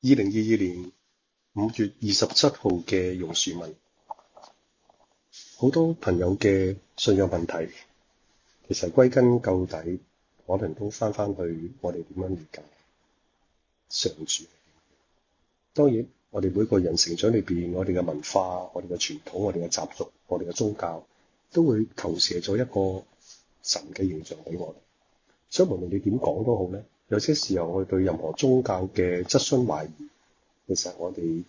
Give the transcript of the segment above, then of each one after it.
二零二二年五月二十七號嘅榕樹文，好多朋友嘅信仰問題，其實歸根究底，可能都返返去我哋點樣理解上主。當然，我哋每個人成長裏邊，我哋嘅文化、我哋嘅傳統、我哋嘅習俗、我哋嘅宗教，都會投射咗一個神嘅形象俾我哋。所以無論你點講都好咧。有些時候我對任何宗教嘅質詢懷疑，其實我哋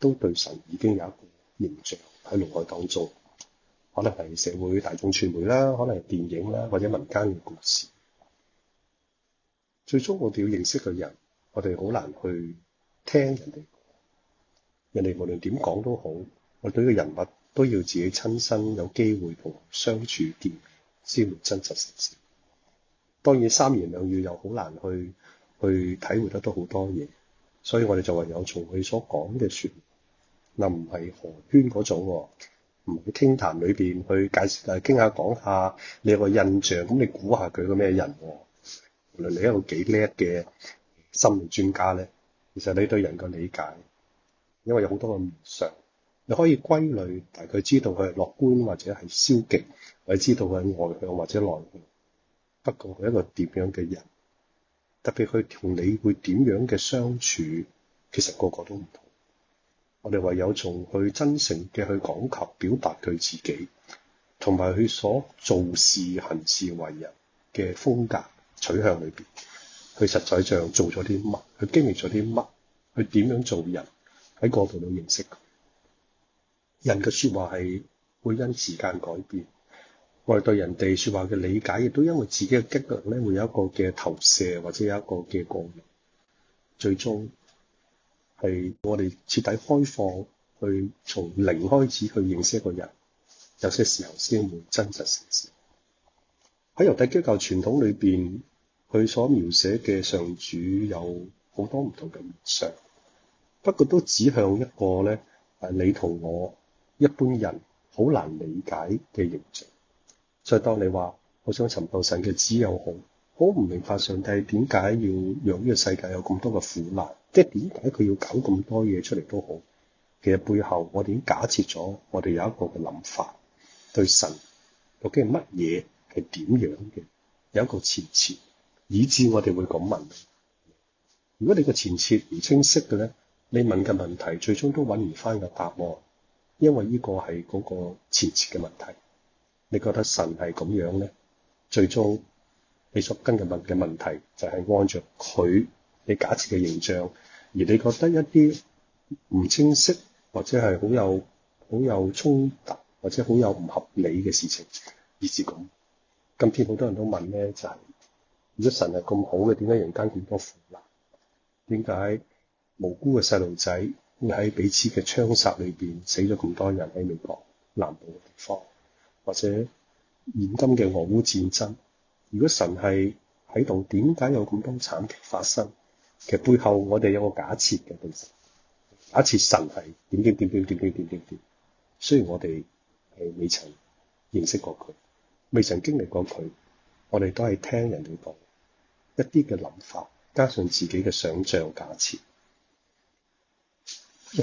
都對神已經有一個形象喺腦海當中，可能係社會大眾傳媒啦，可能係電影啦，或者民間嘅故事。最終我哋要認識嘅人，我哋好難去聽人哋，人哋無論點講都好，我對一個人物都要自己親身有機會同佢相處見面，先會真實成當然三言兩語又好難去去體會得到好多嘢，所以我哋就唯有從佢所講嘅説話，嗱唔係何圈嗰種喎，唔係傾談裏邊去介紹誒傾下講下，你有個印象，咁你估下佢個咩人？無論你係一個幾叻嘅心理專家咧，其實你對人嘅理解，因為有好多個唔常，你可以歸類但佢知道佢係樂觀或者係消極，或者知道佢係外向或者內向。不過佢一個點樣嘅人，特別佢同你會點樣嘅相處，其實個個都唔同。我哋唯有從佢真誠嘅去講及、表達佢自己，同埋佢所做事、行事、為人嘅風格、取向裏邊，佢實際上做咗啲乜，佢經歷咗啲乜，佢點樣做人，喺個度度認識佢。人嘅說話係會因時間改變。我哋對人哋説話嘅理解，亦都因為自己嘅激量咧，會有一個嘅投射，或者有一個嘅過濾。最終係我哋徹底開放去從零開始去認識一個人，有些時候先會真實成事。喺猶太基督教傳統裏邊，佢所描寫嘅上主有好多唔同嘅形象，不過都指向一個咧，係你同我一般人好難理解嘅形象。所以當你話我想尋求神嘅指引好，好唔明白上帝點解要讓呢個世界有咁多嘅苦難，即係點解佢要搞咁多嘢出嚟都好。其實背後我哋已經假設咗，我哋有一個嘅諗法，對神究竟係乜嘢，係點樣嘅，有一個前設，以致我哋會咁問。如果你個前設唔清晰嘅咧，你問嘅問題最終都揾唔翻個答案，因為呢個係嗰個前設嘅問題。你覺得神係咁樣咧？最終你所根嘅問嘅問題就係按著佢你假設嘅形象，而你覺得一啲唔清晰或者係好有好有衝突或者好有唔合理嘅事情以至咁。今天好多人都問咧，就係、是、如果神係咁好嘅，點解人間咁多苦難？點解無辜嘅細路仔會喺彼此嘅槍殺裏邊死咗咁多人喺美國南部嘅地方？或者現今嘅俄烏戰爭，如果神係喺度，點解有咁多慘劇發生？其實背後我哋有個假設嘅，對，假設神係點點點點點點點點點。雖然我哋係、呃、未曾認識過佢，未曾經歷過佢，我哋都係聽人哋講一啲嘅諗法，加上自己嘅想像假設。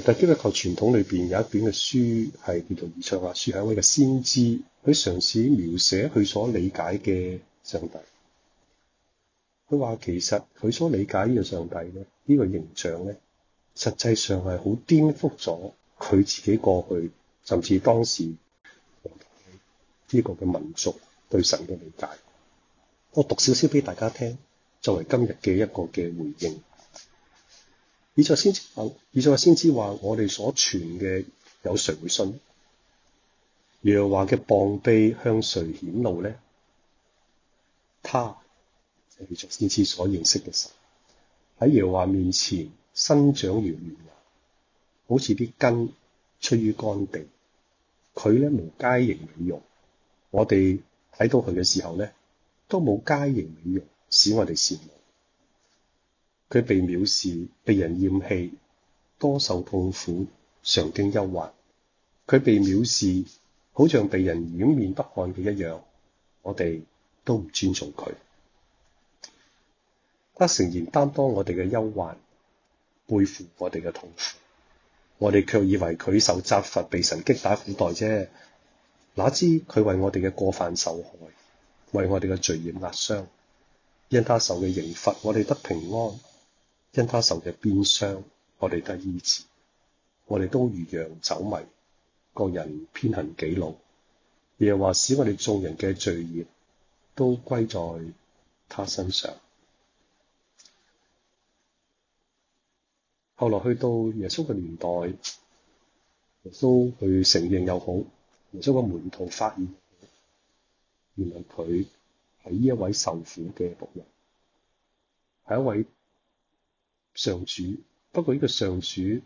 基督教傳統裏邊有一本嘅書，係叫做《以賽亞書》，係一位嘅先知，佢嘗試描寫佢所理解嘅上帝。佢話其實佢所理解呢個上帝咧，呢、這個形象咧，實際上係好顛覆咗佢自己過去甚至當時呢個嘅民族對神嘅理解。我讀少少俾大家聽，作為今日嘅一個嘅回應。以賽亞先知話，以賽亞先知話，我哋所傳嘅有誰會信？耶和華嘅膀臂向誰顯露呢？他就係以賽亞先知所認識嘅神，喺耶和華面前生長如嫩芽，好似啲根出於乾地。佢咧無佳形美容，我哋睇到佢嘅時候咧，都冇佳形美容使我哋羨慕。佢被藐視，被人厭棄，多受痛苦，常經憂患。佢被藐視，好像被人掩面不看嘅一樣。我哋都唔尊重佢，他誠然擔當我哋嘅憂患，背負我哋嘅痛苦。我哋卻以為佢受責罰，被神擊打苦待啫。哪知佢為我哋嘅過犯受害，為我哋嘅罪孽壓傷。因他受嘅刑罰，我哋得平安。因他受嘅鞭傷，我哋得醫治；我哋都如羊走迷，個人偏行己路。耶和華使我哋眾人嘅罪孽都歸在他身上。後來去到耶穌嘅年代，耶穌佢承認又好，耶穌嘅門徒發現，原來佢係呢一位受苦嘅僕人，係一位。上主，不過呢個上主，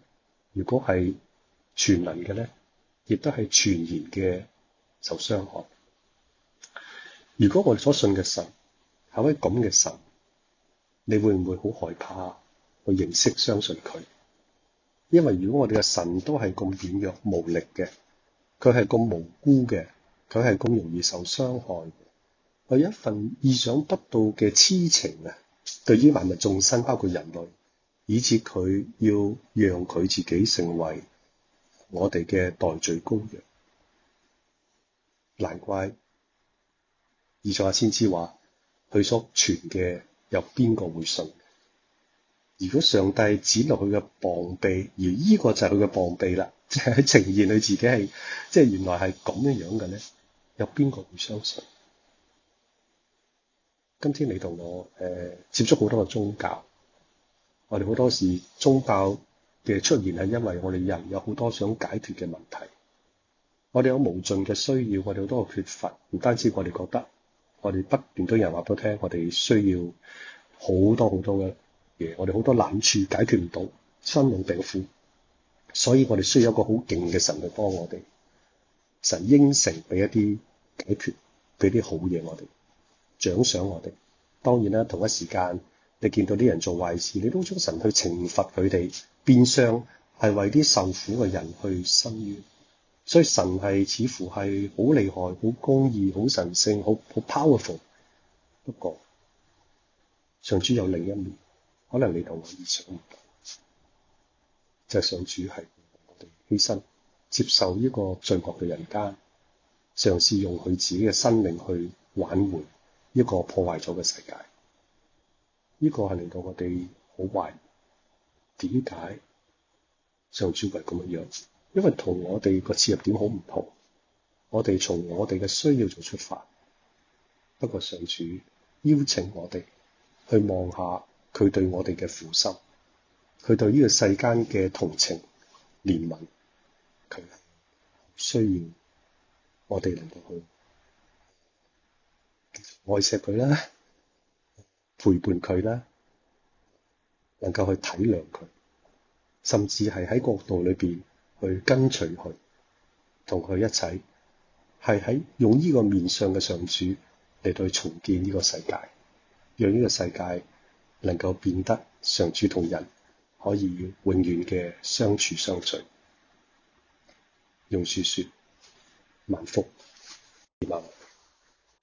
如果係全能嘅咧，亦都係全然嘅受傷害。如果我哋所信嘅神係位咁嘅神，你會唔會好害怕去認識、相信佢？因為如果我哋嘅神都係咁軟弱無力嘅，佢係咁無辜嘅，佢係咁容易受傷害，我有一份意想不到嘅痴情啊！對於萬物眾生，包括人類。以至佢要讓佢自己成為我哋嘅代罪羔羊，難怪以賽亞先知話佢所傳嘅有邊個會信？如果上帝剪落佢嘅膀臂，而呢個就係佢嘅膀臂啦，即係呈現佢自己係即係原來係咁樣樣嘅咧，有邊個會相信？今天你同我誒、呃、接觸好多個宗教。我哋好多時宗教嘅出現係因為我哋人有好多想解決嘅問題，我哋有無盡嘅需要，我哋好多嘅缺乏，唔單止我哋覺得，我哋不斷都有人話俾我聽，我哋需要好多好多嘅嘢，我哋好多難處解決唔到，生老病苦。所以我哋需要一個好勁嘅神去幫我哋，神應承俾一啲解決，俾啲好嘢我哋，獎賞我哋。當然啦，同一時間。你見到啲人做壞事，你都將神去懲罰佢哋，變相係為啲受苦嘅人去伸冤。所以神係似乎係好厲害、好公義、好神聖、好好 powerful。不過上主有另一面，可能你同我意想唔到，就係、是、上主係我哋犧牲接受呢個罪惡嘅人間，嘗試用佢自己嘅生命去挽回呢個破壞咗嘅世界。呢個係令到我哋好懷疑，點解上主係咁樣樣？因為同我哋個切入點好唔同，我哋從我哋嘅需要做出發。不過上主邀請我哋去望下佢對我哋嘅父心，佢對呢個世間嘅同情憐憫，佢係需要我哋嚟到去愛錫佢啦。陪伴佢啦，能夠去體諒佢，甚至係喺角度裏邊去跟隨佢，同佢一齊，係喺用呢個面上嘅上主嚟到去重建呢個世界，讓呢個世界能夠變得上主同人可以永遠嘅相處相隨。用樹説：萬福流。